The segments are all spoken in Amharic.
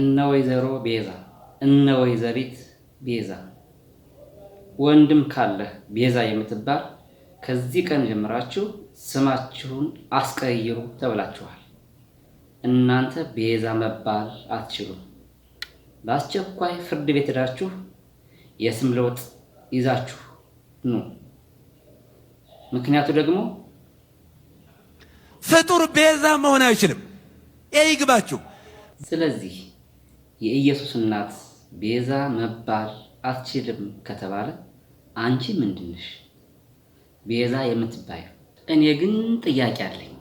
እነ ወይዘሮ ቤዛ እነ ወይዘሪት ቤዛ ወንድም ካለህ ቤዛ የምትባል ከዚህ ቀን ጀምራችሁ ስማችሁን አስቀይሩ ተብላችኋል። እናንተ ቤዛ መባል አትችሉም። በአስቸኳይ ፍርድ ቤት ሄዳችሁ የስም ለውጥ ይዛችሁ ኑ። ምክንያቱ ደግሞ ፍጡር ቤዛ መሆን አይችልም። ይግባችሁ። ስለዚህ የኢየሱስ እናት ቤዛ መባል አትችልም ከተባለ አንቺ ምንድንሽ ቤዛ የምትባዩ? እኔ ግን ጥያቄ አለኝ።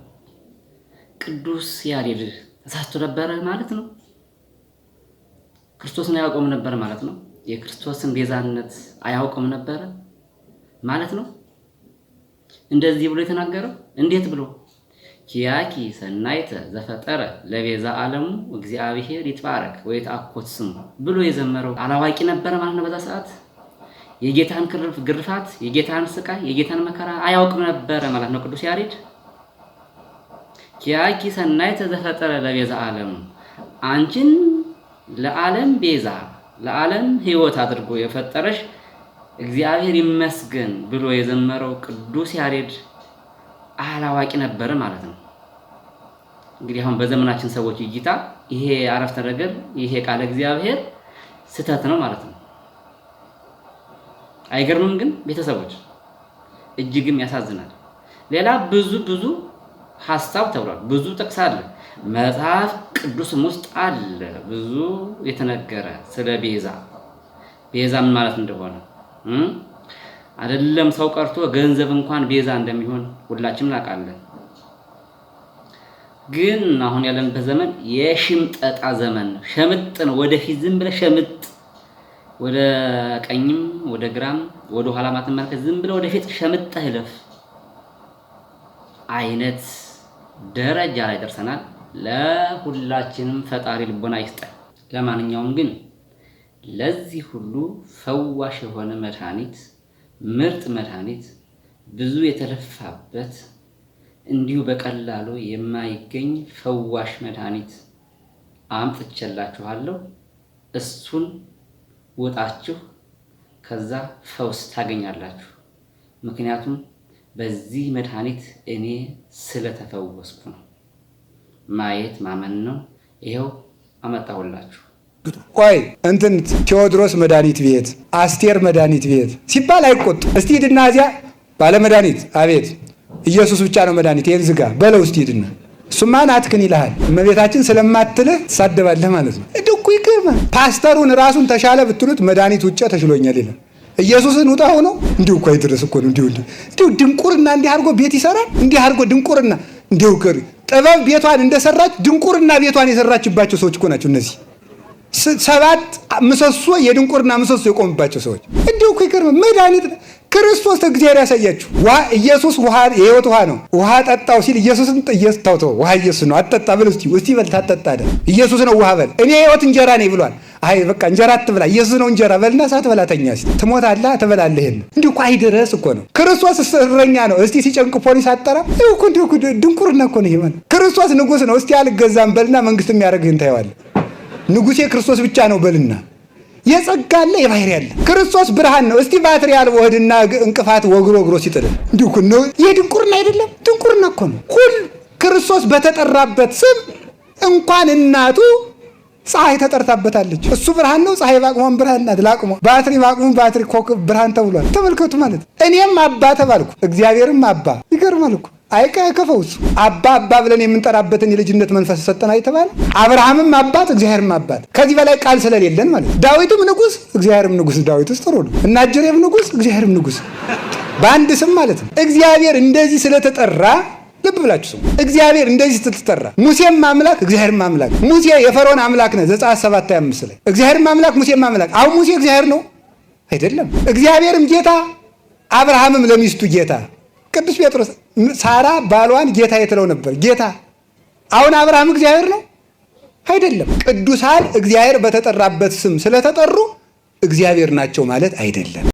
ቅዱስ ያሬድ ተሳስቶ ነበረ ማለት ነው? ክርስቶስን አያውቀውም ነበር ማለት ነው? የክርስቶስን ቤዛነት አያውቀውም ነበረ ማለት ነው? እንደዚህ ብሎ የተናገረው እንዴት ብሎ ኪያኪ ሰናይተ ዘፈጠረ ለቤዛ ዓለሙ እግዚአብሔር ይትባረክ ወይትአኮት ስሙ ብሎ የዘመረው አላዋቂ ነበረ ማለት ነው። በዛ ሰዓት የጌታን ግርፋት፣ የጌታን ስቃይ፣ የጌታን መከራ አያውቅም ነበረ ማለት ነው። ቅዱስ ያሬድ ኪያኪ ሰናይተ ዘፈጠረ ለቤዛ ዓለሙ አንቺን ለዓለም ቤዛ ለዓለም ሕይወት አድርጎ የፈጠረሽ እግዚአብሔር ይመስገን ብሎ የዘመረው ቅዱስ ያሬድ አላዋቂ ነበረ ማለት ነው። እንግዲህ አሁን በዘመናችን ሰዎች እይታ ይሄ አረፍተ ነገር ይሄ ቃለ እግዚአብሔር ስህተት ነው ማለት ነው። አይገርምም? ግን ቤተሰቦች እጅግም ያሳዝናል። ሌላ ብዙ ብዙ ሀሳብ ተብሏል። ብዙ ጥቅስ አለ መጽሐፍ ቅዱስም ውስጥ አለ። ብዙ የተነገረ ስለ ቤዛ ቤዛ ምን ማለት እንደሆነ አይደለም ሰው ቀርቶ ገንዘብ እንኳን ቤዛ እንደሚሆን ሁላችንም እናውቃለን። ግን አሁን ያለንበት ዘመን የሽምጠጣ ዘመን ነው። ሸምጥ ነው። ወደፊት ዝም ብለህ ሸምጥ፣ ወደ ቀኝም ወደ ግራም ወደ ኋላ ማትመለከት፣ ዝም ብለህ ወደፊት ሸምጠህ እለፍ አይነት ደረጃ ላይ ደርሰናል። ለሁላችንም ፈጣሪ ልቦና ይስጠን። ለማንኛውም ግን ለዚህ ሁሉ ፈዋሽ የሆነ መድኃኒት ምርጥ መድኃኒት ብዙ የተለፋበት እንዲሁ በቀላሉ የማይገኝ ፈዋሽ መድኃኒት አምጥቼላችኋለሁ። እሱን ውጣችሁ ከዛ ፈውስ ታገኛላችሁ። ምክንያቱም በዚህ መድኃኒት እኔ ስለተፈወስኩ ነው። ማየት ማመን ነው። ይኸው አመጣሁላችሁ። ቆይ እንትን ቴዎድሮስ መድኃኒት ቤት፣ አስቴር መድኃኒት ቤት ሲባል አይቆጡ። እስቲ ሂድና እዚያ ባለመድኃኒት አቤት ኢየሱስ ብቻ ነው መድኃኒት፣ ይህን ዝጋ በለው እስቲ ሂድና እሱማ አትክን ይልሃል። እመቤታችን ስለማትልህ ትሳደባለህ ማለት ነው። እድኩ ይገርማል። ፓስተሩን ራሱን ተሻለ ብትሉት መድኃኒት ውጭ ተሽሎኛል ይላል። ኢየሱስን ውጣ ሆኖ እንዲሁ እኮ አይደረስ እኮ ነው። እንዲሁ እንዲሁ ድንቁርና እንዲህ አድርጎ ቤት ይሰራል። እንዲህ አድርጎ ድንቁርና እንዲሁ ጥበብ ቤቷን እንደሰራች ድንቁርና ቤቷን የሰራችባቸው ሰዎች እኮ ናቸው እነዚህ። ሰባት ምሰሶ የድንቁርና ምሰሶ የቆምባቸው ሰዎች እንዲሁ እኮ ይገርም። መድኃኒት ክርስቶስ እግዚአብሔር ያሳያችሁ። ውሃ ኢየሱስ ውሃ የህይወት ውሃ ነው። ውሃ ጠጣው ሲል ኢየሱስን ጠየስታውቶ ውሃ ኢየሱስ ነው። አጠጣ በል እስቲ እስቲ በል ታጠጣ አለ። ኢየሱስ ነው ውሃ በል። እኔ የህይወት እንጀራ ነኝ ብሏል። አይ በቃ እንጀራ አትብላ፣ ኢየሱስ ነው እንጀራ በልና ሳትበላ ተኛ። እስቲ ትሞታለህ፣ ትበላለህ። ይሄን እንዲሁ እኮ አይደረስ እኮ ነው። ክርስቶስ እረኛ ነው። እስቲ ሲጨንቅ ፖሊስ አጠራ። እኮ እኮ ድንቁርና እኮ ነው። ይሄ ክርስቶስ ንጉስ ነው። እስቲ አልገዛም በልና መንግስት የሚያደርግህን ታየዋለህ። ንጉሴ ክርስቶስ ብቻ ነው በልና የጸጋ አለ የባህር ያለ ክርስቶስ ብርሃን ነው። እስቲ ባትሪ አልቦ እንቅፋት ወግሮ ወግሮ ሲጥልን እንዲሁ ነው። ይህ ድንቁርና አይደለም፣ ድንቁርና እኮ ነው። ሁል ክርስቶስ በተጠራበት ስም እንኳን እናቱ ፀሐይ ተጠርታበታለች። እሱ ብርሃን ነው። ፀሐይ ባቅሞን ብርሃን ናት። ላቅሞ ባትሪ ባቅሞን ባትሪ ኮክ ብርሃን ተብሏል። ተመልከቱ ማለት እኔም አባ ተባልኩ እግዚአብሔርም አባ ይገርማል እኮ አይከፈውስ አባ አባ ብለን የምንጠራበትን የልጅነት መንፈስ ሰጠና አይተባል። አብርሃምም አባት እግዚአብሔርም አባት ከዚህ በላይ ቃል ስለሌለን ማለት ነው። ዳዊትም ንጉስ እግዚአብሔርም ንጉስ ዳዊት ውስጥ ጥሩ ነው እና ጀሬም ንጉስ እግዚአብሔርም ንጉስ በአንድ ስም ማለት ነው። እግዚአብሔር እንደዚህ ስለተጠራ ልብ ብላችሁ ስሙ። እግዚአብሔር እንደዚህ ስትጠራ ሙሴም አምላክ እግዚአብሔርም አምላክ ሙሴ የፈርዖን አምላክ ነህ ዘጸአት 7፡25 ላይ እግዚአብሔርም አምላክ ሙሴም አምላክ። አሁን ሙሴ እግዚአብሔር ነው አይደለም? እግዚአብሔርም ጌታ አብርሃምም ለሚስቱ ጌታ ቅዱስ ጴጥሮስ ሳራ ባሏን ጌታ የትለው ነበር። ጌታ አሁን አብርሃም እግዚአብሔር ነው አይደለም። ቅዱሳን እግዚአብሔር በተጠራበት ስም ስለተጠሩ እግዚአብሔር ናቸው ማለት አይደለም።